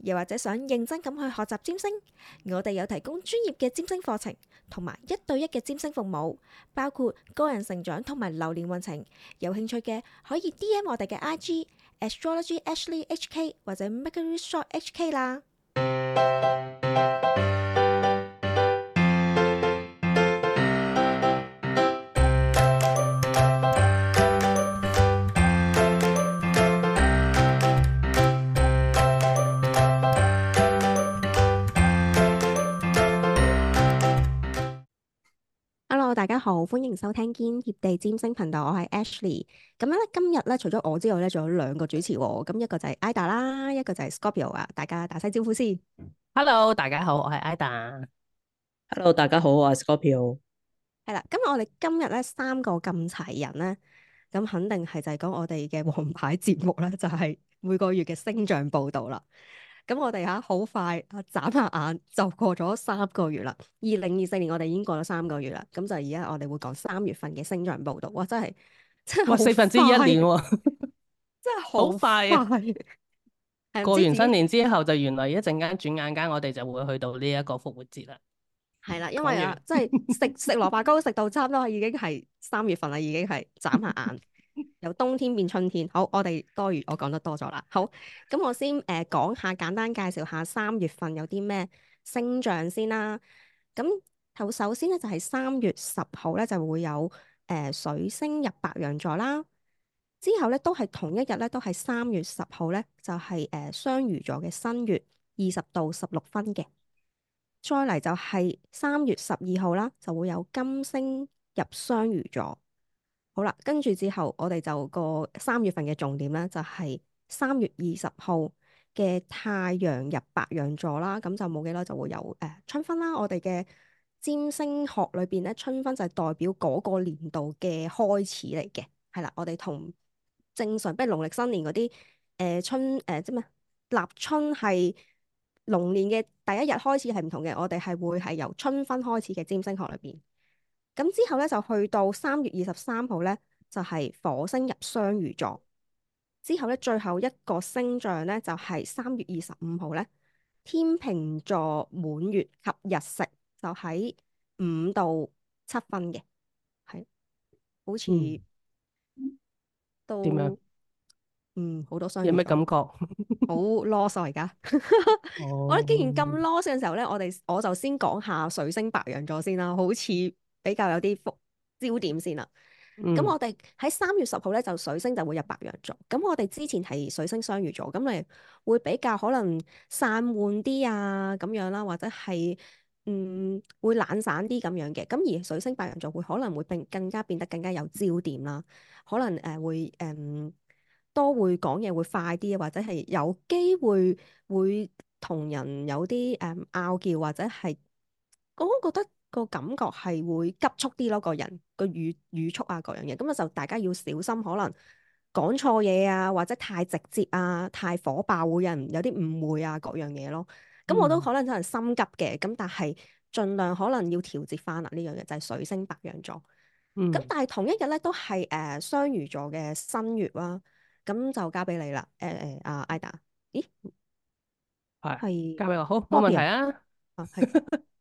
又或者想認真咁去學習占星，我哋有提供專業嘅占星課程，同埋一對一嘅占星服務，包括個人成長同埋流年運程。有興趣嘅可以 DM 我哋嘅 IG Astrology Ashley HK 或者 Mercury Shop HK 啦。好，歡迎收聽堅貼地占星頻道，我係 Ashley。咁樣咧，今日咧除咗我之外咧，仲有兩個主持，咁一個就係 Ida 啦，一個就係 Scorpio。大家打聲招呼先。Hello，大家好，我係 Ida。Hello，Hello 大家好，我係 Scorpio。係啦，今日我哋今日咧三個咁齊人咧，咁肯定係就係講我哋嘅王牌節目咧，就係、是、每個月嘅星象報道啦。咁我哋吓好快，眨下眼就過咗三個月啦。二零二四年我哋已經過咗三個月啦。咁就而家我哋會講三月份嘅星象報道，哇！真係，真係哇，四分之一年、哦， 真係好快。快啊、 過完新年之後，就原來一陣間，轉眼間我哋就會去到呢一個復活節啦。係啦、啊，因為啊，即係食食蘿蔔糕食到差唔多已經係三月份啦，已經係三月份啦，已經係眨下眼。由冬天變春天，好，我哋多餘我講得多咗啦。好，咁我先誒講、呃、下，簡單介紹下三月份有啲咩星象先啦。咁頭首先咧就係、是、三月十號咧就會有誒、呃、水星入白羊座啦，之後咧都係同一日咧都係三月十號咧就係誒雙魚座嘅新月二十到十六分嘅，再嚟就係三月十二號啦，就會有金星入雙魚座。好啦，跟住之後，我哋就個三月份嘅重點咧，就係、是、三月二十號嘅太陽入白羊座啦。咁就冇幾耐就會有誒、呃、春分啦。我哋嘅占星學裏邊咧，春分就係代表嗰個年度嘅開始嚟嘅。係啦，我哋同正常，比如農曆新年嗰啲誒春誒即係咩立春係農年嘅第一日開始係唔同嘅。我哋係會係由春分開始嘅占星學裏邊。咁之後咧就去到三月二十三號咧，就係、是、火星入雙魚座。之後咧，最後一個星象咧就係、是、三月二十五號咧，天秤座滿月及日食，就喺五到七分嘅，係、哎、好似都點樣嗯好、嗯、多雙魚座有咩感覺？好 loss，而家， oh. 我覺得既然咁 loss 嘅時候咧，我哋我就先講下水星白羊座先啦，好似。比較有啲 focus 點先啦。咁、嗯、我哋喺三月十號咧，就水星就會入白羊座。咁我哋之前係水星雙魚座，咁你會比較可能散漫啲啊，咁樣啦，或者係嗯會懶散啲咁樣嘅。咁而水星白羊座會可能會變更加變得更加有焦點啦。可能誒、呃、會誒、嗯、多會講嘢會快啲，或者係有機會會同人有啲誒拗撬，或者係我覺得。個感覺係會急促啲咯，個人個語語速啊，各樣嘢，咁啊就大家要小心，可能講錯嘢啊，或者太直接啊，太火爆會人有啲誤會啊，各樣嘢咯。咁、嗯、我都可能真係心急嘅，咁但係盡量可能要調節翻啊呢樣嘢，就係、水星白羊座。嗯，咁但係同一日咧都係誒雙魚座嘅新月啦、啊。咁就交俾你啦，誒、呃、誒阿、呃啊、Ida，咦係是交俾我好冇問題啊。啊係。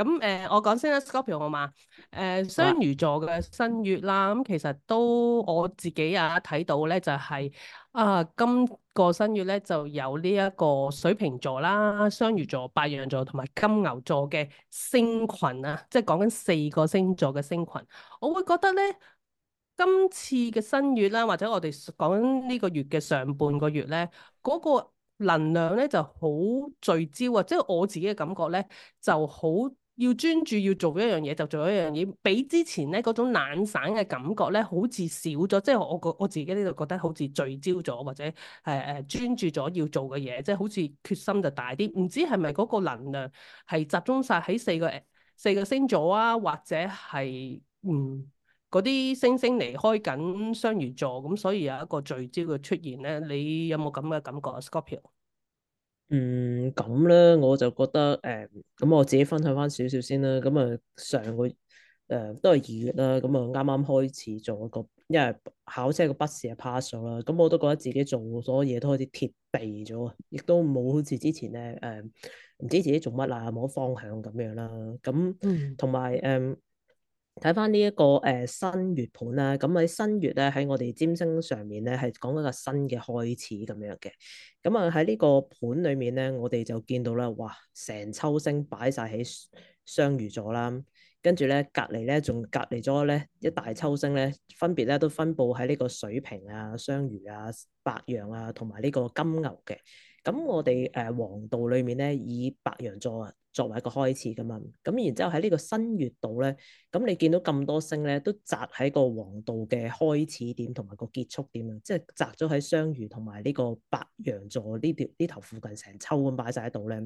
咁誒、呃，我講先啦 Scorpio 好嘛？誒、呃、雙魚座嘅新月啦，咁其實都我自己啊睇到咧，就係、是、啊今個新月咧就有呢一個水瓶座啦、雙魚座、白羊座同埋金牛座嘅星群啊，即係講緊四個星座嘅星群，我會覺得咧，今次嘅新月啦，或者我哋講緊呢個月嘅上半個月咧，嗰、那個能量咧就好聚焦啊，即係我自己嘅感覺咧就好。要專注要做一樣嘢就做一樣嘢，比之前咧嗰種懶散嘅感覺咧，好似少咗，即係我覺我自己呢度覺得好似聚焦咗或者誒誒專注咗要做嘅嘢，即係好似決心就大啲。唔知係咪嗰個能量係集中晒喺四個誒四個星座啊，或者係嗯嗰啲星星離開緊雙魚座咁，所以有一個聚焦嘅出現咧。你有冇咁嘅感覺啊，Scorpio？嗯，咁咧我就覺得，誒、嗯，咁、嗯、我自己分享翻少少先啦。咁、嗯、啊，上個誒、嗯、都係二月啦，咁啊啱啱開始做一個，因為考車個筆試啊 pass 咗啦。咁我都覺得自己做所有嘢都開始貼地咗，亦都冇好似之前咧誒，唔知自己做乜啊，冇方向咁樣啦。咁同埋誒，嗯睇翻呢一個誒新月盤啦，咁喺新月咧喺我哋占星上面咧係講一個新嘅開始咁樣嘅，咁啊喺呢個盤裏面咧，我哋就見到啦，哇，成抽星擺晒喺雙魚座啦，跟住咧隔籬咧仲隔籬咗咧一大抽星咧，分別咧都分布喺呢個水瓶啊、雙魚啊、白羊啊同埋呢個金牛嘅，咁我哋誒黃道裏面咧以白羊座啊。作為一個開始㗎嘛，咁然之後喺呢個新月度咧，咁你見到咁多星咧都紮喺個黃道嘅開始點同埋個結束點啊，即係紮咗喺雙魚同埋呢個白羊座呢條呢頭附近成抽咁擺晒喺度咧，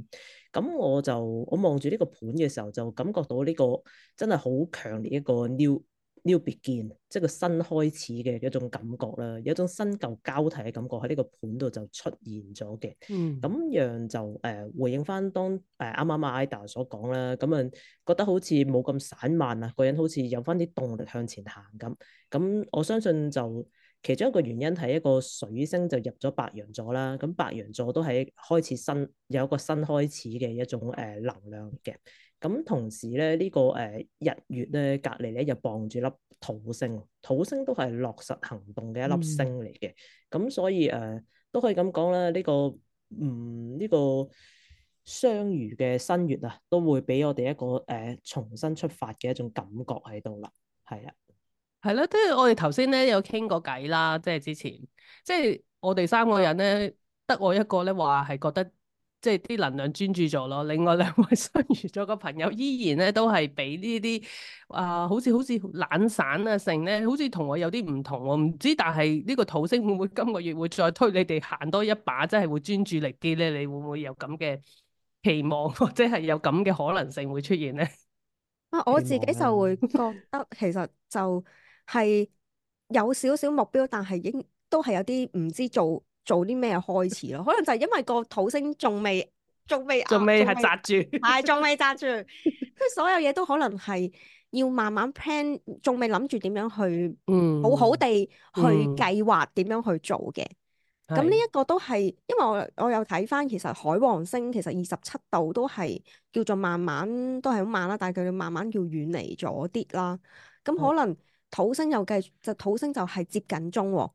咁我就我望住呢個盤嘅時候就感覺到呢個真係好強烈一個 new。New begin 即係個新開始嘅一種感覺啦，有一種新舊交替嘅感覺喺呢個盤度就出現咗嘅，咁、嗯、樣就誒、呃、回應翻當誒啱啱阿 Ida 所講啦，咁樣覺得好似冇咁散漫啊，個人好似有翻啲動力向前行咁，咁我相信就其中一個原因係一個水星就入咗白羊座啦，咁白羊座都係開始新有一個新開始嘅一種誒、呃、能量嘅。咁同時咧，呢個誒日月咧隔離咧就傍住粒土星，土星都係落實行動嘅一粒星嚟嘅。咁所以誒都可以咁講啦，呢個嗯呢個雙魚嘅新月啊，都會俾我哋一個誒重新出發嘅一種感覺喺度啦。係啊，係啦，即係我哋頭先咧有傾過偈啦，即係之前，即係我哋三個人咧，得我一個咧話係覺得。即係啲能量專注咗咯。另外兩位新遇咗嘅朋友依然咧都係俾呢啲啊，好似好似懶散啊性咧，好似同我有啲唔同，我唔知，但係呢個土星會唔會今個月會再推你哋行多一把，即係會專注力啲咧？你會唔會有咁嘅期望，或者係有咁嘅可能性會出現咧？啊，我自己就會覺得其實就係有少少目標，但係應都係有啲唔知做。做啲咩開始咯？可能就係因為個土星仲未，仲未，仲未係揸住，係仲未揸住。佢所有嘢都可能係要慢慢 plan，仲未諗住點樣去，好好地去計劃點樣去做嘅。咁呢一個都係，因為我我有睇翻其實海王星其實二十七度都係叫做慢慢都係好慢啦，但係佢慢慢叫遠離咗啲啦。咁可能土星又繼續、嗯、就土星就係接近中喎。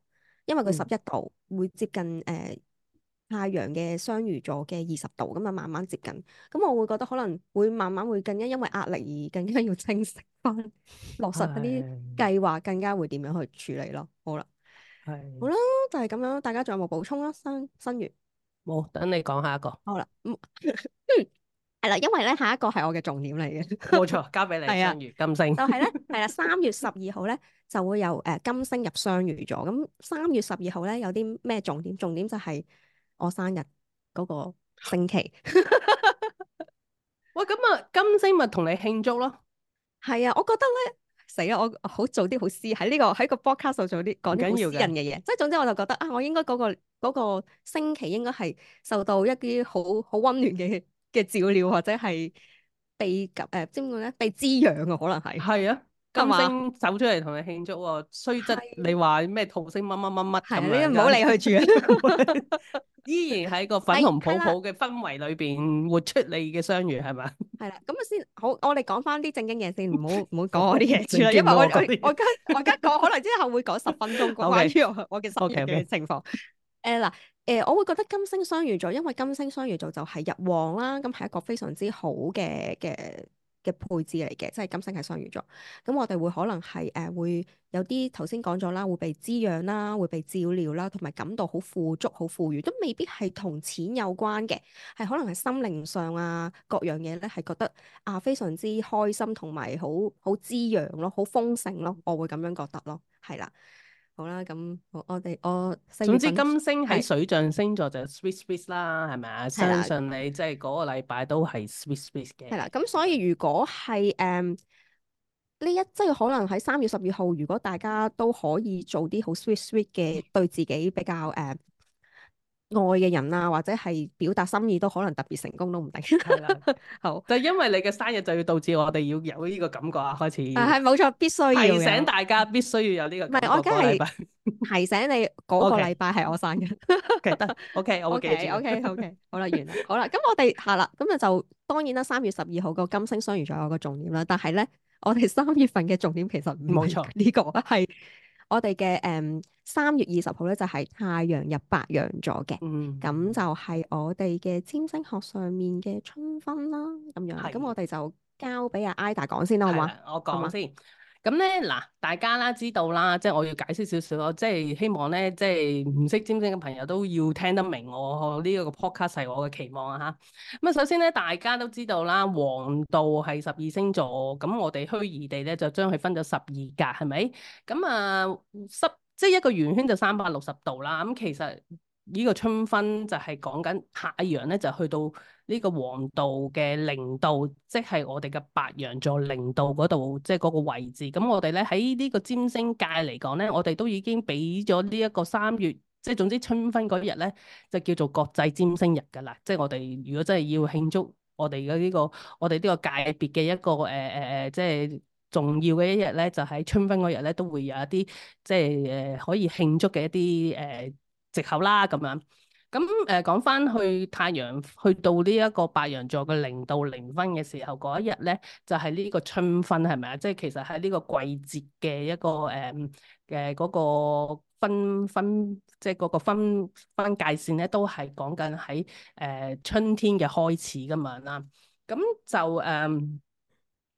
因為佢十一度、嗯、會接近誒、呃、太陽嘅雙魚座嘅二十度咁啊，慢慢接近，咁我會覺得可能會慢慢會更加因為壓力而更加要清晰翻落實嗰啲計劃， 更加的更加會點樣去處理咯。好啦，的好啦，就係、是、咁樣，大家仲有冇補充啊？新新月冇，等你講下一個。好啦。 嗯係啦，因為咧，下一個係我嘅重點嚟嘅。冇錯，交俾你雙魚、 啊、金星。 就係咧，係啦、啊，三月十二號咧就會有誒、呃、金星入雙魚咗。咁三月十二號咧有啲咩重點？重點就係我生日嗰個星期。 喂，咁啊，金星咪同你慶祝咯。係 啊，我覺得咧，死啦，我好早啲好私喺呢、這個喺個 broadcast 度做啲講緊要嘅嘢。即係 總之我就覺得啊，我應該嗰、那個、那個星期應該係受到一啲好好溫暖嘅。嘅照料或者係被及誒，點講咧？被滋養啊，可能係係啊，金星走出嚟同你慶祝啊！雖則，你話咩土星乜乜乜乜咁你唔好理佢住，啊！ 依然喺個粉紅泡泡嘅氛圍裏邊活出你嘅雙魚係咪？係啦，咁啊，啊先好，我哋講翻啲正經嘢先，唔好唔好講我啲嘢住啦。因為我我而家我而家講可能之後會講十分鐘關於我嘅雙魚嘅情況。誒嗱，誒、欸、我會覺得金星雙魚座，因為金星雙魚座就係日旺啦，咁係一個非常之好嘅嘅嘅配置嚟嘅，即係金星係雙魚座，咁我哋會可能係誒、呃、會有啲頭先講咗啦，會被滋養啦，會被照料啦，同埋感到好富足、好富裕，都未必係同錢有關嘅，係可能係心靈上啊各樣嘢咧，係覺得啊非常之開心，同埋好好滋養咯，好豐盛咯，我會咁樣覺得咯，係啦。好啦，咁我哋我。總之金星喺水象星座就 sweet sweet 啦，係咪啊？相信你即係嗰個禮拜都係 sweet sweet 嘅。係啦，咁所以如果係誒呢一即係可能喺三月十二號，如果大家都可以做啲好 sweet、嗯、sweet 嘅，對自己比較誒。嗯愛嘅人啊，或者係表達心意都可能特別成功都唔定。係 啦好，好 就因為你嘅生日就要導致我哋要有呢個感覺啊，開始係冇錯，必須要提醒大家必須要有呢個感覺。唔係，我而家係提醒你嗰個禮拜係我生日。OK，得 okay, OK，我記住 OK，OK，、okay, okay, okay, okay, 好啦，完啦，好啦，咁我哋下啦，咁啊就當然啦，三月十二號個金星雙魚座仲有個重點啦，但係咧，我哋三月份嘅重點其實冇錯呢個係。錯 我哋嘅誒三月二十號咧就係、是、太陽入白羊座嘅，咁、嗯、哼就係我哋嘅占星學上面嘅春分啦，咁樣啦，咁的我哋就交俾阿 Ida 講先啦，好嘛？我講先。咁咧嗱，大家啦知道啦，即係我要解釋少少咯，即係希望咧，即係唔識占星嘅朋友都要聽得明我呢一個 podcast 係我嘅期望啊嚇。咁啊，首先咧大家都知道啦，黃道係十二星座，咁我哋虛擬地咧就將佢分咗十二格，係咪？咁啊，十即係一個圓圈就三百六十度啦，咁其實。呢個春分就係講緊太陽咧，就去到呢個黃道嘅零度，即係我哋嘅白羊座零度嗰度，即係嗰個位置。咁我哋咧喺呢個占星界嚟講咧，我哋都已經俾咗呢一個三月，即係總之春分嗰日咧，就叫做國際占星日㗎啦。即係我哋如果真係要慶祝我哋嘅呢個我哋呢個界別嘅一個誒誒誒，即係重要嘅一日咧，就喺春分嗰日咧都會有一啲即係誒可以慶祝嘅一啲誒。呃藉口啦咁樣，咁誒、呃、講翻去太陽去到呢一個白羊座嘅零度零分嘅時候，嗰一日咧就係、是、呢個春分係咪啊？即係其實係呢個季節嘅一個誒誒嗰個分分，分即係嗰個分分界線咧，都係講緊喺誒春天嘅開始咁樣啦。咁就誒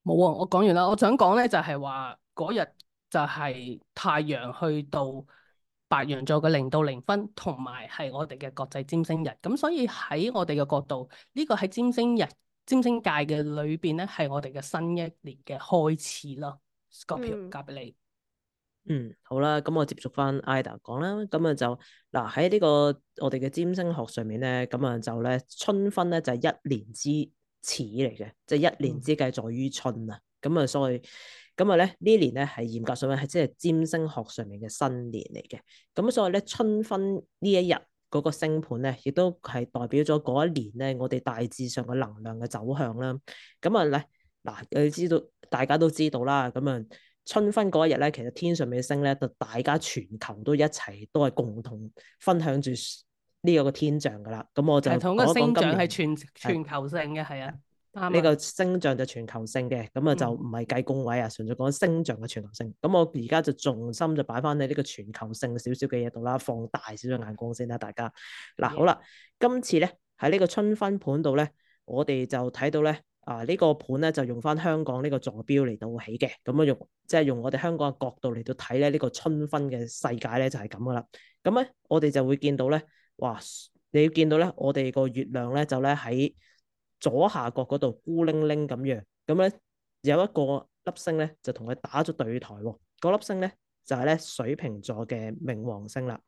冇、呃、啊，我講完啦。我想講咧就係話嗰日就係太陽去到。白羊座嘅零度零分，同埋係我哋嘅國際占星日，咁所以喺我哋嘅角度，呢、這個喺占星日、占星界嘅裏邊咧，係我哋嘅新一年嘅開始咯、嗯。Scorpio 交俾你。嗯，好啦，咁我接續翻 IDA 講啦，咁啊就嗱喺呢個我哋嘅占星學上面咧，咁啊就咧春分咧就係一年之始嚟嘅，即、就、係、是、一年之計在於春啊，咁啊、嗯、所以。咁啊咧呢年咧係嚴格上邊係即係占星學上面嘅新年嚟嘅，咁所以咧春分呢一日嗰個星盤咧，亦都係代表咗嗰一年咧，我哋大致上嘅能量嘅走向啦。咁啊，咧嗱，你知道大家都知道啦。咁啊，春分嗰一日咧，其實天上面嘅星咧，就大家全球都一齊都係共同分享住呢個個天象噶啦。咁我就係同個星象係全全球性嘅，係啊。呢個星象就全球性嘅，咁啊、嗯、就唔係計宮位啊，純粹講星象嘅全球性。咁我而家就重心就擺翻喺呢個全球性少少嘅嘢度啦，放大少少眼光先啦，大家。嗱、嗯啊，好啦，今次咧喺呢個春分盤度咧，我哋就睇到咧啊、這個、盤呢個盤咧就用翻香港呢個坐標嚟到起嘅，咁啊用即係用我哋香港嘅角度嚟到睇咧呢、這個春分嘅世界咧就係咁噶啦。咁咧我哋就會見到咧，哇！你要見到咧，我哋個月亮咧就咧喺～左下角嗰度孤零零咁樣，咁咧有一個粒星咧就同佢打咗對台喎。嗰粒星咧就係咧水瓶座嘅冥王星啦。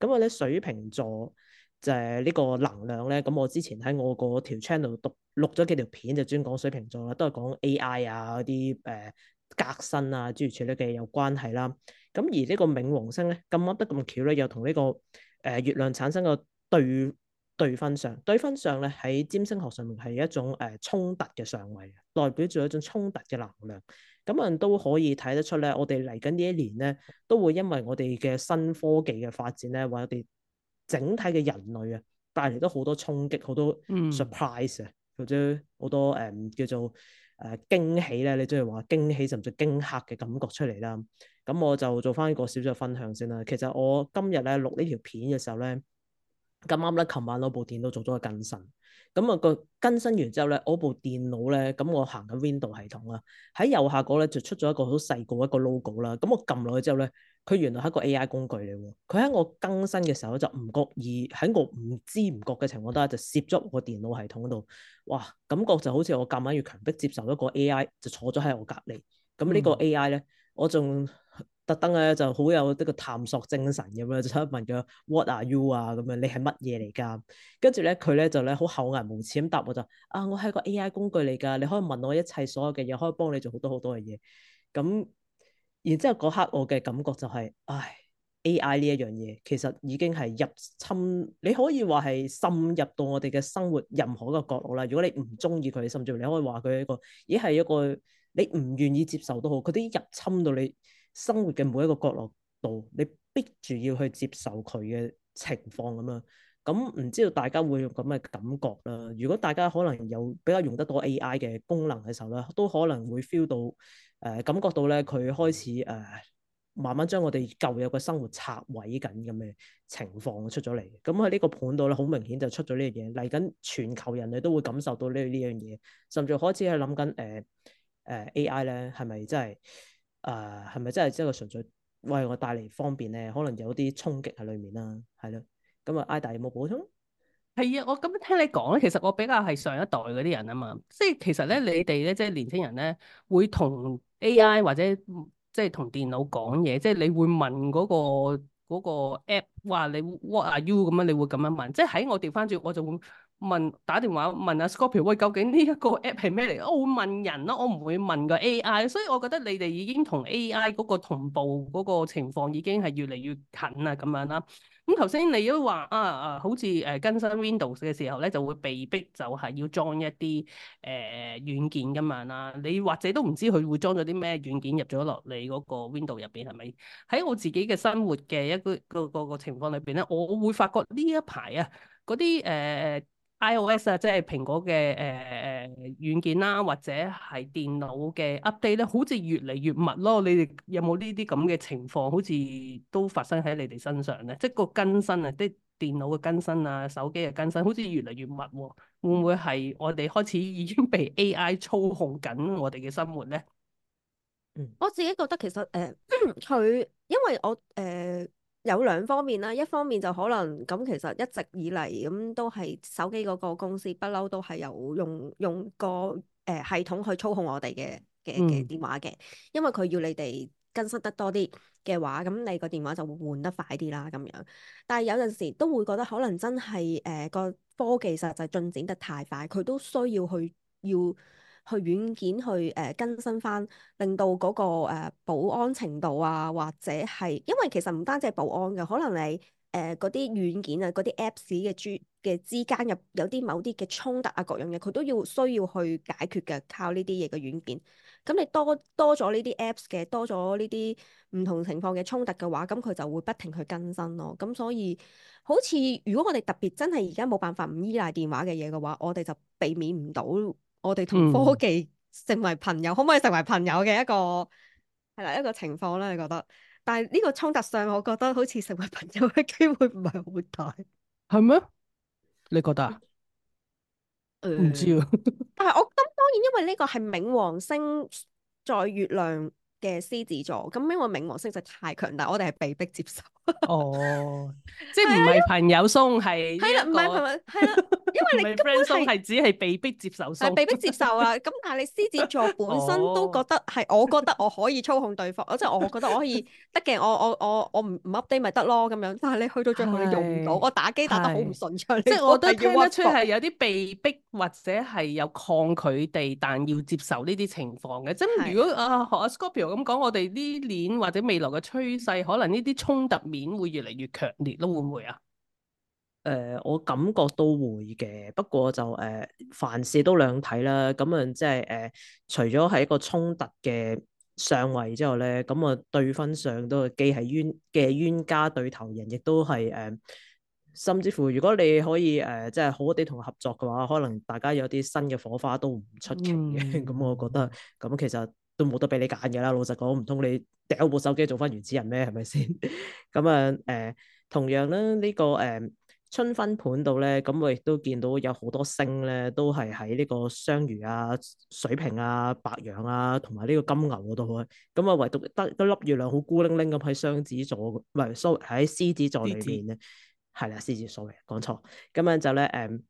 咁我咧水瓶座就係呢個能量咧。咁我之前喺我個條 channel 度錄咗幾條片，就專講水瓶座啦，都係講 A I 啊嗰啲誒革新啊諸如此類嘅有關係啦。咁而呢個冥王星咧咁啱得咁巧咧，又同呢個誒、呃、月亮產生個對。對分上，對分上咧喺占星學上面係一種誒、呃、衝突嘅上位，代表住一種衝突嘅能量。咁人都可以睇得出咧，我哋嚟緊呢一年咧，都會因為我哋嘅新科技嘅發展咧，或者我哋整體嘅人類啊，帶嚟咗好多衝擊、好多 surprise 啊，或者好多誒叫做誒驚喜咧。你即係話驚喜，甚至、呃、驚，驚，驚嚇嘅感覺出嚟啦。咁我就做翻一個少少分享先啦。其實我今日咧錄呢條片嘅時候咧。咁啱咧，琴晚我部電腦做咗個更新，咁啊個更新完之後咧、嗯，我部電腦咧，咁我行緊 Windows 系統啦，喺右下角咧就出咗一個好細個一個 logo 啦、嗯，咁我撳落去之後咧，佢原來係一個 AI 工具嚟喎，佢喺我更新嘅時候咧就唔覺意，喺我唔知唔覺嘅情況底下就攝咗我電腦系統嗰度，哇，感覺就好似我咁晚要強迫接受一個 AI 就坐咗喺我隔離，咁呢個 AI 咧我仲～、嗯特登咧就好有呢個探索精神咁樣，就問咗 What are you 啊咁樣？你係乜嘢嚟噶？跟住咧佢咧就咧好厚顏無恥咁答我就啊，我係個 AI 工具嚟噶，你可以問我一切所有嘅嘢，可以幫你做好多好多嘅嘢。咁然之後嗰刻我嘅感覺就係、是，唉，AI 呢一樣嘢其實已經係入侵，你可以話係滲入到我哋嘅生活任何一個角落啦。如果你唔中意佢，甚至你可以話佢一個而係一個你唔願意接受都好，佢都入侵到你。生活嘅每一個角落度，你逼住要去接受佢嘅情況咁樣，咁唔知道大家會有咁嘅感覺啦。如果大家可能有比較用得到 AI 嘅功能嘅時候咧，都可能會 feel 到誒、呃，感覺到咧佢開始誒、呃，慢慢將我哋舊有嘅生活拆毀緊咁嘅情況出咗嚟。咁喺呢個盤度咧，好明顯就出咗呢樣嘢嚟緊，全球人類都會感受到呢呢樣嘢，甚至開始係諗緊誒誒 AI 咧係咪真係？誒係咪真係即係純粹為我帶嚟方便咧？可能有啲衝擊喺裏面啦，係咯。咁啊，Ida 有冇補充？係啊，我咁樣聽你講咧，其實我比較係上一代嗰啲人啊嘛。即係其實咧，你哋咧即係年輕人咧，會同 AI 或者即係同電腦講嘢，即係你會問嗰個嗰個 app 話你 what are you 咁樣，你會咁樣問。即係喺我調返轉，我就會。問打電話問阿、啊、Scorpio 喂，究竟呢一個 app 係咩嚟？我會問人咯，我唔會問個 AI。所以我覺得你哋已經同 AI 嗰個同步嗰個情況已經係越嚟越近啊咁樣啦。咁頭先你都話啊啊，好似誒更新 Windows 嘅時候咧，就會被逼就係要裝一啲誒軟件咁樣啦。你或者都唔知佢會裝咗啲咩軟件入咗落你嗰個 Windows 入邊係咪？喺我自己嘅生活嘅一個一個一個，一個，一個情況裏邊咧，我會發覺呢一排啊，嗰啲誒。呃 I O S 啊，即係蘋果嘅誒誒軟件啦、啊，或者係電腦嘅 update 咧，好似越嚟越密咯。你哋有冇呢啲咁嘅情況？好似都發生喺你哋身上咧，即係個更新啊，啲電腦嘅更新啊，手機嘅更新、啊，好似越嚟越密喎。會唔會係我哋開始已經被 AI 操控緊我哋嘅生活咧？嗯，我自己覺得其實誒，佢、呃、因為我誒。呃有兩方面啦，一方面就可能咁，其實一直以嚟咁都係手機嗰個公司不嬲都係有用用個誒、呃、系統去操控我哋嘅嘅嘅電話嘅，因為佢要你哋更新得多啲嘅話，咁你個電話就會換得快啲啦咁樣。但係有陣時都會覺得可能真係誒個科技實際進展得太快，佢都需要去要。去軟件去誒、呃、更新翻，令到嗰、那個、呃、保安程度啊，或者係因為其實唔單止保安嘅，可能你誒嗰啲軟件啊、嗰啲 apps 嘅專嘅之間入有啲某啲嘅衝突啊各樣、各種嘢，佢都要需要去解決嘅，靠呢啲嘢嘅軟件。咁你多多咗呢啲 apps 嘅，多咗呢啲唔同情況嘅衝突嘅話，咁佢就會不停去更新咯。咁所以，好似如果我哋特別真係而家冇辦法唔依賴電話嘅嘢嘅話，我哋就避免唔到。我哋同科技成為朋友，嗯、可唔可以成為朋友嘅一個係啦，一個情況咧？你覺得？但係呢個衝突上，我覺得好似成為朋友嘅機會唔係好大。係咩？你覺得啊？唔、 呃、知 但係我咁當然，因為呢個係冥王星在月亮嘅獅子座，咁因為冥王星就太強大，我哋係被逼接受。 哦，即係唔係朋友送係係啦，唔係係咪係咯？因為你根本係 只係被逼接受 被逼接受啊！咁但係你獅子座本身都覺得係，我覺得我可以操控對方，即係 我覺得我可以得嘅，我我我我唔唔 update 咪得咯咁樣。但係你去到最後你用唔到，是我打機打得好唔順暢，即係我都聽得出係有啲被逼或者係有抗拒地，但要接受呢啲情況嘅。即係如果啊學啊 Scorpio 咁講，的我哋呢年或者未來嘅趨勢，可能呢啲衝突。點會越嚟越強烈咯，都會唔會啊？誒、呃，我感覺都會嘅，不過就誒、呃，凡事都兩睇啦。咁啊、就是，即係誒，除咗係一個衝突嘅上位之後咧，咁啊，對分上都係既係冤嘅冤家對頭人，亦都係誒，甚至乎如果你可以誒，即、呃、係好啲同佢合作嘅話，可能大家有啲新嘅火花都唔出奇嘅。咁、嗯、 我覺得，咁其實。都冇得俾你揀嘅啦，老實講，唔通你掉部手機做翻原始人咩？係咪先？咁啊誒，同樣咧呢、這個誒、嗯、春分盤度咧，咁我亦都見到有好多星咧，都係喺呢個雙魚啊、水瓶啊、白羊啊，同埋呢個金牛嗰度啊。咁、嗯、啊，唯獨得一粒月亮好孤零零咁喺雙子座，唔、嗯、所謂喺獅子座裏面咧。係啦 D T.，獅子所謂，講錯。咁樣就咧誒。嗯嗯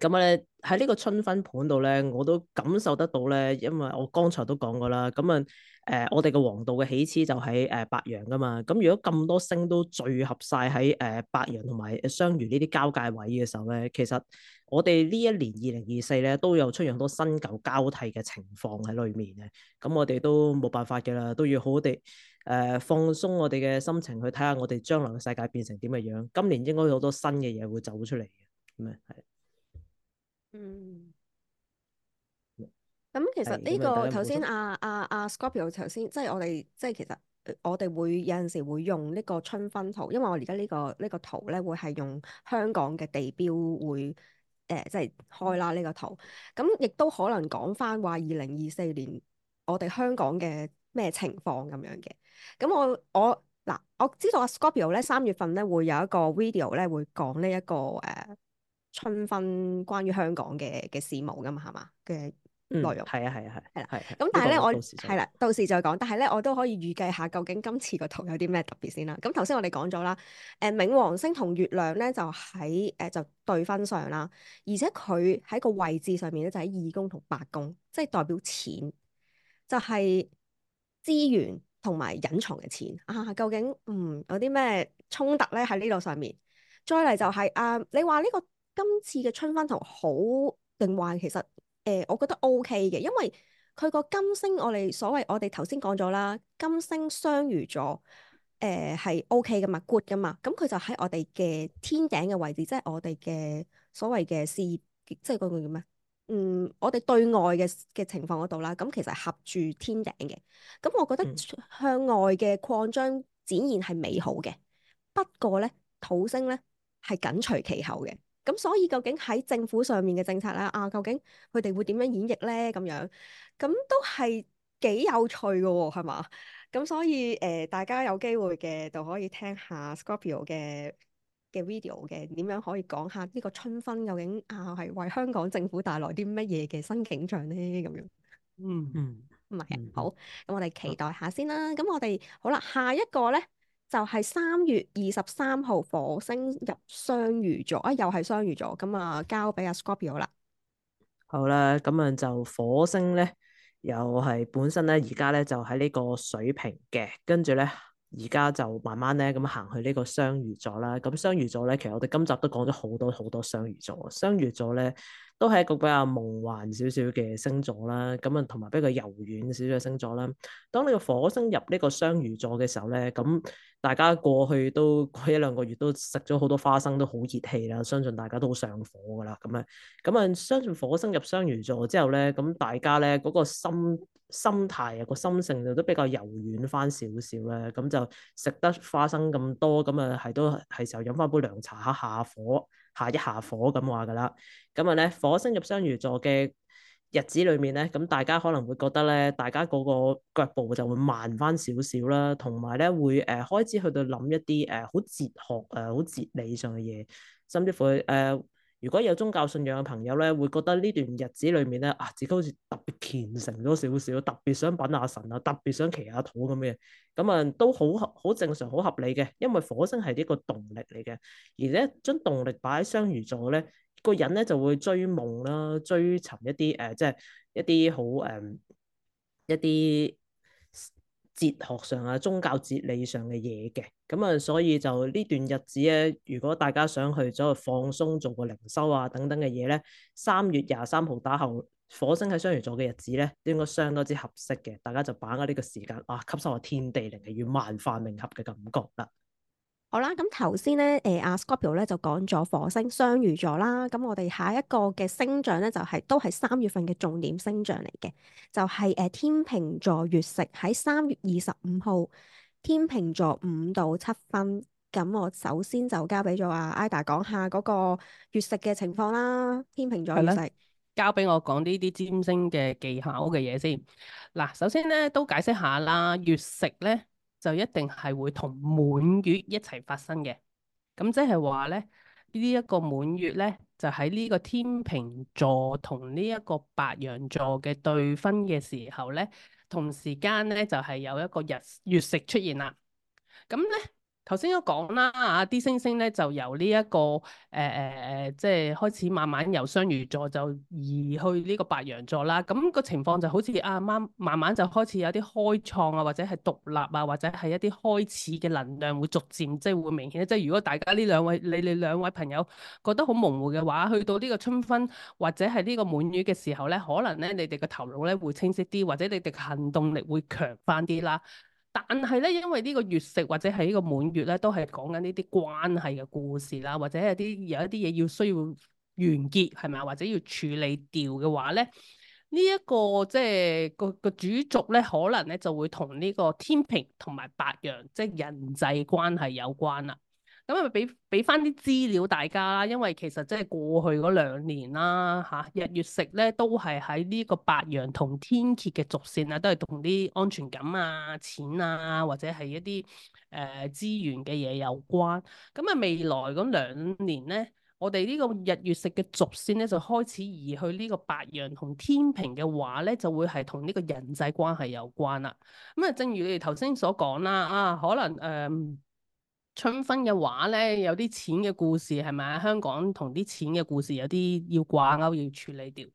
咁啊，喺呢個春分盤度咧，我都感受得到咧。因為我剛才都講過啦，咁啊，誒、呃，我哋嘅黃道嘅起始就喺、是、誒、呃、白羊噶嘛。咁如果咁多星都聚合晒喺誒白羊同埋雙魚呢啲交界位嘅時候咧，其實我哋呢一年二零二四咧都有出現好多新舊交替嘅情況喺裡面嘅。咁我哋都冇辦法嘅啦，都要好好地誒、呃、放鬆我哋嘅心情去睇下我哋將來嘅世界變成點嘅樣，樣。今年應該有好多新嘅嘢會走出嚟嘅，咁啊係。嗯，咁、嗯嗯嗯、其實呢、呢個頭先阿阿阿 Scorpio 頭先，即係我哋即係其實我哋會有陣時會用呢個春分圖，因為我而家呢個呢、呢個圖咧會係用香港嘅地標會誒、呃、即係開啦呢個圖，咁亦都可能講翻話二零二四年我哋香港嘅咩情況咁樣嘅，咁我我嗱我知道阿、啊、Scorpio 咧三月份咧會有一個 video 咧會講呢一個誒。呃春分，關於香港嘅嘅事務㗎嘛，係嘛嘅內容？係、嗯、啊，係啊，係、啊。係啦、啊，係、啊。咁但係咧，我係啦，到時再講。但係咧，我都可以預計下究竟今次個圖有啲咩特別先啦。咁頭先我哋講咗啦，誒、呃，冥王星同月亮咧就喺誒、呃、就對分上啦，而且佢喺個位置上面咧就喺二宮同八宮，即係代表錢，就係、是、資源同埋隱藏嘅錢啊。究竟嗯有啲咩衝突咧喺呢度上面？再嚟就係、是、啊、呃，你話呢、這個。今次嘅春分圖好定壞，其實誒、呃，我覺得 O K 嘅，因為佢個金星，我哋所謂我哋頭先講咗啦，金星雙魚座誒係 O K 噶嘛，good 噶嘛，咁佢就喺我哋嘅天頂嘅位置，即係我哋嘅所謂嘅事業，即係嗰個叫咩？嗯，我哋對外嘅嘅情況嗰度啦，咁其實係合住天頂嘅，咁我覺得向外嘅擴張展現係美好嘅。嗯、不過咧，土星咧係緊隨其後嘅。咁、嗯、所以究竟喺政府上面嘅政策咧，啊，究竟佢哋會點樣演繹咧？咁樣咁都係幾有趣嘅喎、哦，係嘛？咁所以誒、呃，大家有機會嘅就可以聽下 Scorpio 嘅嘅 video 嘅點樣可以講下呢個春分究竟啊係為香港政府帶來啲乜嘢嘅新景象咧？咁樣嗯嗯，唔係啊，好，咁我哋期待下先啦。咁我哋好啦，下一個咧。就係三月二十三號火星入雙魚座啊，又係雙魚座咁啊，交俾阿 Scorpio 好啦。好啦，咁樣就火星咧，又係本身咧，而家咧就喺呢個水瓶嘅，跟住咧而家就慢慢咧咁行去呢個雙魚座啦。咁雙魚座咧，其實我哋今集都講咗好多好多雙魚座，雙魚座咧。都係一個比較夢幻少少嘅星座啦，咁啊同埋比較柔軟少少嘅星座啦。當呢個火星入呢個雙魚座嘅時候咧，咁大家過去都過一兩個月都食咗好多花生，都好熱氣啦。相信大家都好上火噶啦，咁啊咁啊，相信火星入雙魚座之後咧，咁大家咧嗰、嗰個心心態啊，個心，心性就都比較柔軟翻少少啦。咁就食得花生咁多，咁啊係都係時候飲翻杯涼茶下下火。下一下火咁話噶啦，咁啊咧火星入雙魚座嘅日子裏面咧，咁大家可能會覺得咧，大家嗰個腳步就會慢返少少啦，同埋咧會誒、呃、開始去到諗一啲誒好哲學誒好、呃、哲理上嘅嘢，甚至乎誒。呃如果有宗教信仰嘅朋友咧，會覺得呢段日子裏面咧，啊自己好似特別虔誠咗少少，特別想品下神啊，特別想祈下禱咁嘅，咁啊都好好正常、好合理嘅，因為火星係呢個動力嚟嘅，而咧將動力擺喺雙魚座咧，個人咧就會追夢啦，追尋一啲誒，即係、呃、就是、一啲好誒、嗯、一啲。哲學上啊，宗教哲理上嘅嘢嘅，咁啊，所以就呢段日子咧，如果大家想去咗去放鬆，做個靈修啊等等嘅嘢咧，三月廿三號打後，火星喺雙魚座嘅日子咧，都應該相當之合適嘅，大家就把握呢個時間啊，吸收下天地靈氣與萬化冥合嘅感覺啦。好啦，咁頭先咧，誒、啊、阿 Scorpio 咧就講咗火星雙魚座啦，咁我哋下一個嘅星象咧就係、是、都係三月份嘅重點星象嚟嘅，就係、是、誒天秤座月食喺三月二十五號，天秤座五到七分。咁我首先就交俾咗阿 Ida 講下嗰個月食嘅情況啦，天秤座月食。交俾我講呢啲占星嘅技巧嘅嘢先。嗱，首先咧都解釋下啦，月食咧。就一定係會同滿月一齊發生嘅，咁即係話咧呢一個滿月咧就喺呢個天秤座同呢一個白羊座嘅對分嘅時候咧，同時間咧就係有一個日月食出現啦，咁咧。頭先都講啦，啊啲星星咧就由呢一個誒誒誒，即係開始慢慢由雙魚座就移去呢個白羊座啦。咁個情況就好似啊，慢慢慢就開始有啲開創啊，或者係獨立啊，或者係一啲開始嘅能量會逐漸即係會明顯。即係如果大家呢兩位你哋兩位朋友覺得好模糊嘅話，去到呢個春分或者係呢個滿月嘅時候咧，可能咧你哋個頭腦咧會清晰啲，或者你哋嘅行動力會強翻啲啦。但係咧，因為呢個月食或者係呢個滿月咧，都係講緊呢啲關係嘅故事啦，或者有啲有一啲嘢要需要完結係咪？或者要處理掉嘅話咧，呢一個即係個個主軸咧，可能咧就會同呢個天平同埋白羊即係人際關係有關啦。咁啊，俾俾翻啲資料大家啦，因為其實即係過去嗰兩年啦，嚇日月食咧都係喺呢個白羊同天蠍嘅軸線啊，都係同啲安全感啊、錢啊或者係一啲誒、呃、資源嘅嘢有關。咁、嗯、啊，未來嗰兩年咧，我哋呢個日月食嘅軸線咧就開始移去呢個白羊同天平嘅話咧，就會係同呢個人際關係有關啦。咁、嗯、啊，正如你哋頭先所講啦，啊可能誒。呃春分嘅話咧，有啲錢嘅故事係咪啊？香港同啲錢嘅故事有啲要掛鈎，要處理掉。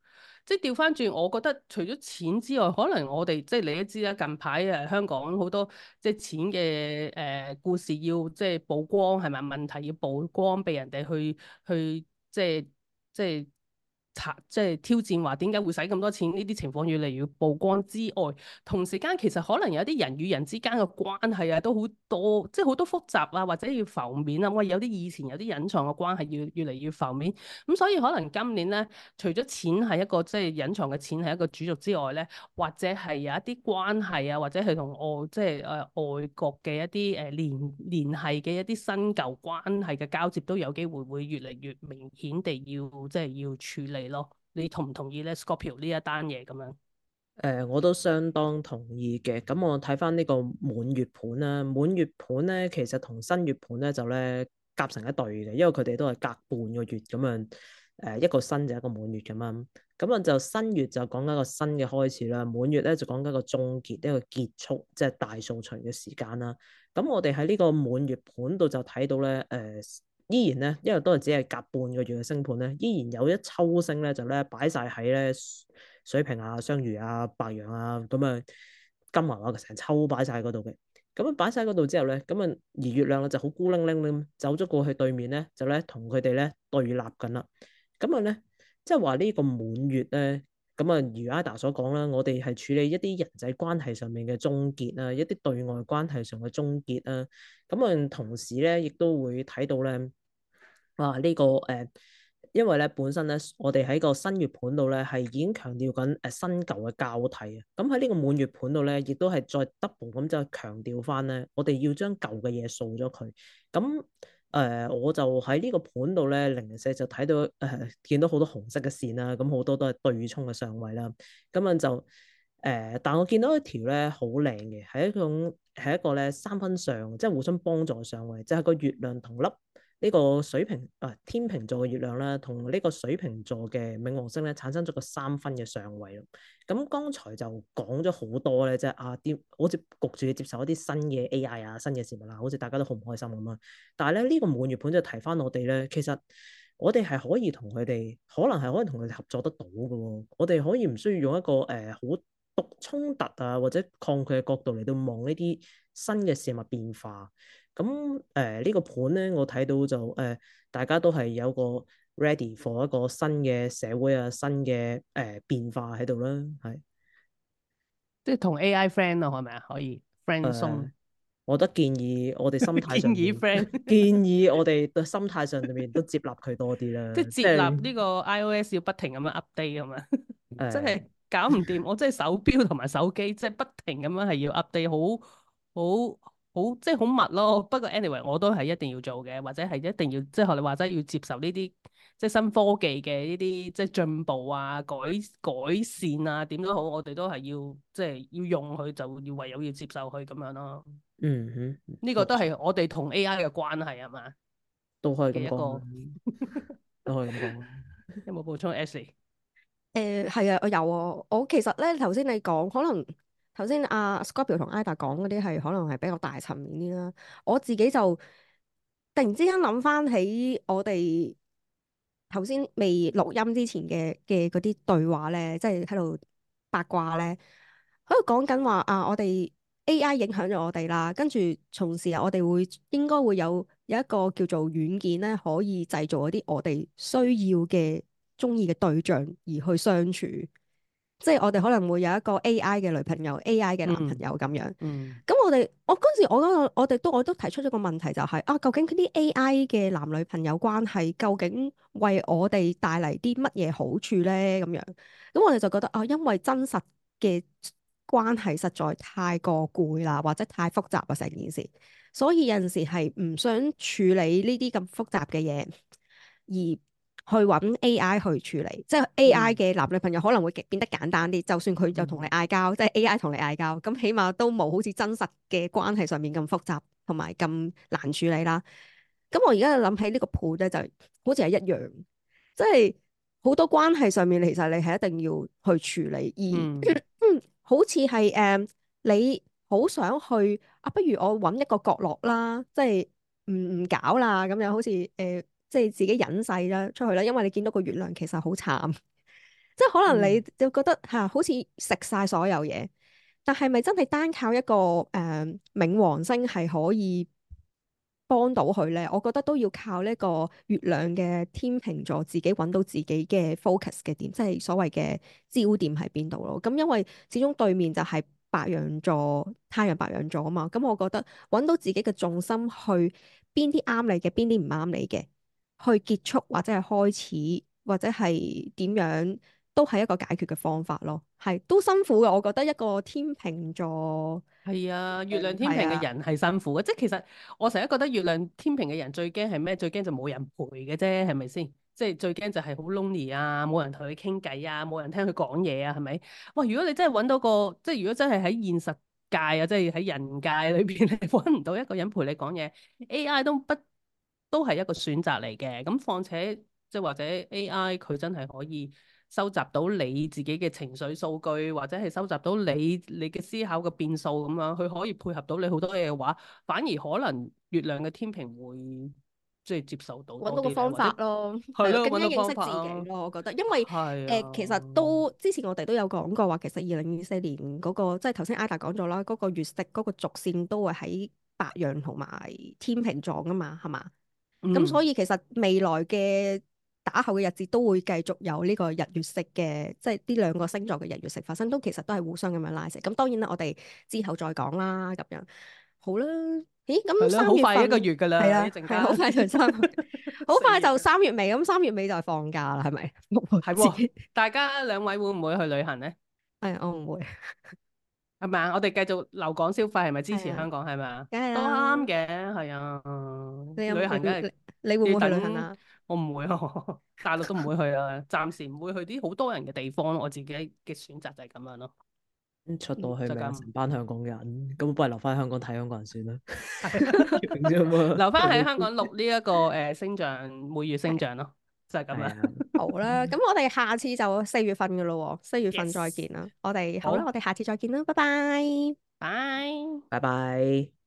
即係調返轉，我覺得除咗錢之外，可能我哋即係你都知啦，近排誒香港好多即係錢嘅誒故事要即係曝光係咪啊？問題要曝光，俾人哋去去即係即係。即係挑戰，話點解會使咁多錢？呢啲情況越嚟越曝光之外，同時間其實可能有啲人與人之間嘅關係啊，都好多即係好多複雜啊，或者要浮面啊。喂有啲以前有啲隱藏嘅關係，要越嚟越浮面。咁、嗯、所以可能今年咧，除咗錢係一個即係隱藏嘅錢係一個主軸之外咧，或者係有一啲關係啊，或者係同外即係誒外國嘅一啲誒聯聯繫嘅一啲新舊關係嘅交接，都有機會會越嚟越明顯地要即係、即係、要處理。係咯，你同唔同意咧？Scorpio 呢一單嘢咁樣？誒，我都相當同意嘅。咁我睇翻呢個滿月盤啦，滿月盤咧其實同新月盤咧就咧夾成一對嘅，因為佢哋都係隔半個月咁樣，誒，一個新就一個滿月咁樣。咁我就新月就講緊個新嘅開始啦，滿月咧就講緊個終結，一個結束即係大掃除嘅時間啦。咁我哋喺呢個滿月盤度就睇到咧誒。呃依然咧，因日都係只係隔半個月嘅升盤咧，依然有一抽星咧，就咧擺晒喺咧水平啊、雙魚啊、白羊啊咁啊金牛啊，成抽擺晒嗰度嘅。咁啊擺晒嗰度之後咧，咁啊而月亮咧就好孤零零咁走咗過去對面咧，就咧同佢哋咧對立緊啦。咁啊咧即係話呢個滿月咧，咁啊如阿 d 所講啦，我哋係處理一啲人際關係上面嘅終結啊，一啲對外關係上嘅終結啊。咁啊同時咧，亦都會睇到咧。啊！呢、這個誒、呃，因為咧本身咧，我哋喺個新月盤度咧係已經強調緊誒新舊嘅交替啊。咁喺呢個滿月盤度咧，亦都係再 double 咁就強調翻咧，我哋要將舊嘅嘢掃咗佢。咁誒、呃，我就喺呢個盤度咧，零零舍就睇到誒、呃，見到好多紅色嘅線啦。咁好多都係對沖嘅上位啦。咁樣就誒、呃，但我見到一條咧好靚嘅，係一種係一個咧三分上，即係互相幫助上位，即係個月亮同粒。呢個水瓶啊，天秤座月亮啦，同呢個水瓶座嘅冥王星咧，產生咗個三分嘅相位咯。咁、嗯、剛才就講咗好多咧，即、就、係、是、啊，啲好似焗住接受一啲新嘅 AI 啊，新嘅事物啦、啊，好似大家都好唔開心咁啊。但係咧，這個、滿呢個滿月盤就提返我哋咧，其實我哋係可以同佢哋，可能係可以同佢哋合作得到嘅、哦。我哋可以唔需要用一個誒好獨衝突啊，或者抗拒嘅角度嚟到望呢啲新嘅事物變化。咁誒呢個盤咧，我睇到就誒、呃，大家都係有個 ready for 一個新嘅社會啊，新嘅誒、呃、變化喺度啦，係。即係同 AI friend 咯，係咪啊？可以 friend 鬆、呃。我都建議我哋心態上。 建議 friend。 建議我哋對心態上裏面都接納佢多啲啦。即係接納呢個 iOS 要不停咁樣 update 咁樣！呃、 即係搞唔掂， 我即係手錶同埋手機，即係不停咁樣係要 update，好好。.好，即係好密咯，不過 anyway 我都係一定要做嘅，或者係一定要即係學你話齋要接受呢啲即係新科技嘅呢啲即係進步啊、改改善啊，點都好，我哋都係要即係要用佢，就要唯有要接受佢咁樣咯。嗯哼，呢、嗯嗯、個都係我哋同 A.I. 嘅關係係嘛？都係嘅一個， 都係咁講。有冇補充，Ashley？S 四、呃？誒係啊，我有啊、哦。我其實咧頭先你講可能。首先阿 Scorpio 同 Ida 講嗰啲係可能係比較大層面啲啦。我自己就突然之間諗翻起我哋頭先未錄音之前嘅嘅嗰啲對話咧，即係喺度八卦咧，喺度講緊話啊，我哋 AI 影響咗我哋啦。跟住從事啊，我哋會應該會有有一個叫做軟件咧，可以製造一啲我哋需要嘅中意嘅對象而去相處。即係我哋可能會有一個 AI 嘅女朋友、AI 嘅男朋友咁樣嗯。嗯。咁我哋，我嗰陣時我，我我我哋都，我都提出咗個問題、就係，就係啊，究竟啲 AI 嘅男女朋友關係，究竟為我哋帶嚟啲乜嘢好處咧？咁樣，咁我哋就覺得啊，因為真實嘅關係實在太過攰啦，或者太複雜啊，成件事，所以有陣時係唔想處理呢啲咁複雜嘅嘢而。去揾 AI 去處理，即係 AI 嘅男女朋友可能會變得簡單啲。嗯、就算佢又同你嗌交，嗯、即係 AI 同你嗌交，咁起碼都冇好似真實嘅關係上面咁複雜同埋咁難處理啦。咁我而家就諗起呢個盤咧，就好似係一樣，即係好多關係上面其實你係一定要去處理，嗯、而、嗯、好似係誒，um, 你好想去啊，不如我揾一個角落啦，即係唔唔搞啦咁樣，好似誒。Uh, 即係自己隱世啦，出去啦，因為你見到個月亮其實好慘， 即係可能你就覺得嚇、嗯啊、好似食晒所有嘢，但係咪真係單靠一個誒、呃、冥王星係可以幫到佢咧？我覺得都要靠呢個月亮嘅天秤座自己揾到自己嘅 focus 嘅點，即係所謂嘅焦點喺邊度咯。咁因為始終對面就係白羊座、太陽白羊座啊嘛，咁我覺得揾到自己嘅重心去邊啲啱你嘅，邊啲唔啱你嘅。去結束或者係開始或者係點樣都係一個解決嘅方法咯，係都辛苦嘅。我覺得一個天秤座係啊，月亮天秤嘅人係辛苦嘅。是啊、即係其實我成日覺得月亮天秤嘅人最驚係咩？最驚就冇人陪嘅啫，係咪先？即係最驚就係好 lonely 啊，冇人同佢傾偈啊，冇人聽佢講嘢啊，係咪？喂，如果你真係揾到個，即係如果真係喺現實界啊，即係喺人界裏邊你揾唔到一個人陪你講嘢，AI 都不，都係一個選擇嚟嘅。咁況且即係或者 AI 佢真係可以收集到你自己嘅情緒數據，或者係收集到你你嘅思考嘅變數咁樣，佢可以配合到你好多嘢嘅話，反而可能月亮嘅天平會即係接受到搵到個方法咯，係咯，更加認識自己咯、啊，我覺得，因為誒、啊呃、其實都之前我哋都有講過話，其實二零二四年嗰、那個即係頭先 Ida 講咗啦，嗰、那個月食嗰個軸線都會喺白羊同埋天秤座啊嘛，係嘛？咁、嗯、所以其實未來嘅打後嘅日子都會繼續有呢個日月食嘅，即係呢兩個星座嘅日月食發生，都其實都係互相咁樣拉扯。咁當然啦，我哋之後再講啦，咁樣好啦。咦？咁好快一個月噶啦，係啊的，好快就三月，好快就三月尾。咁三月尾就放假啦，係咪？係 的 大家兩位會唔會去旅行咧？誒、 哎，我唔會。係咪啊？我哋繼續留港消費，係咪支持香港？係咪啊？梗係啦，啱嘅，係啊。旅行梗係？你會唔會旅行啊？我唔會咯，大陸都唔會去啊，暫時唔會去啲好多人嘅地方咯。我自己嘅選擇就係咁樣咯、啊。出到去就咁成班香港人，咁不如留翻香港睇香港人算啦。 留翻喺香港錄呢一個誒，星、呃、象每月星象咯。就係咁樣。好啦，咁我哋下次就四月份嘅咯喎，四月份再見啦。Yes. 我哋好啦，好吧我哋下次再見啦，拜拜，拜，拜拜。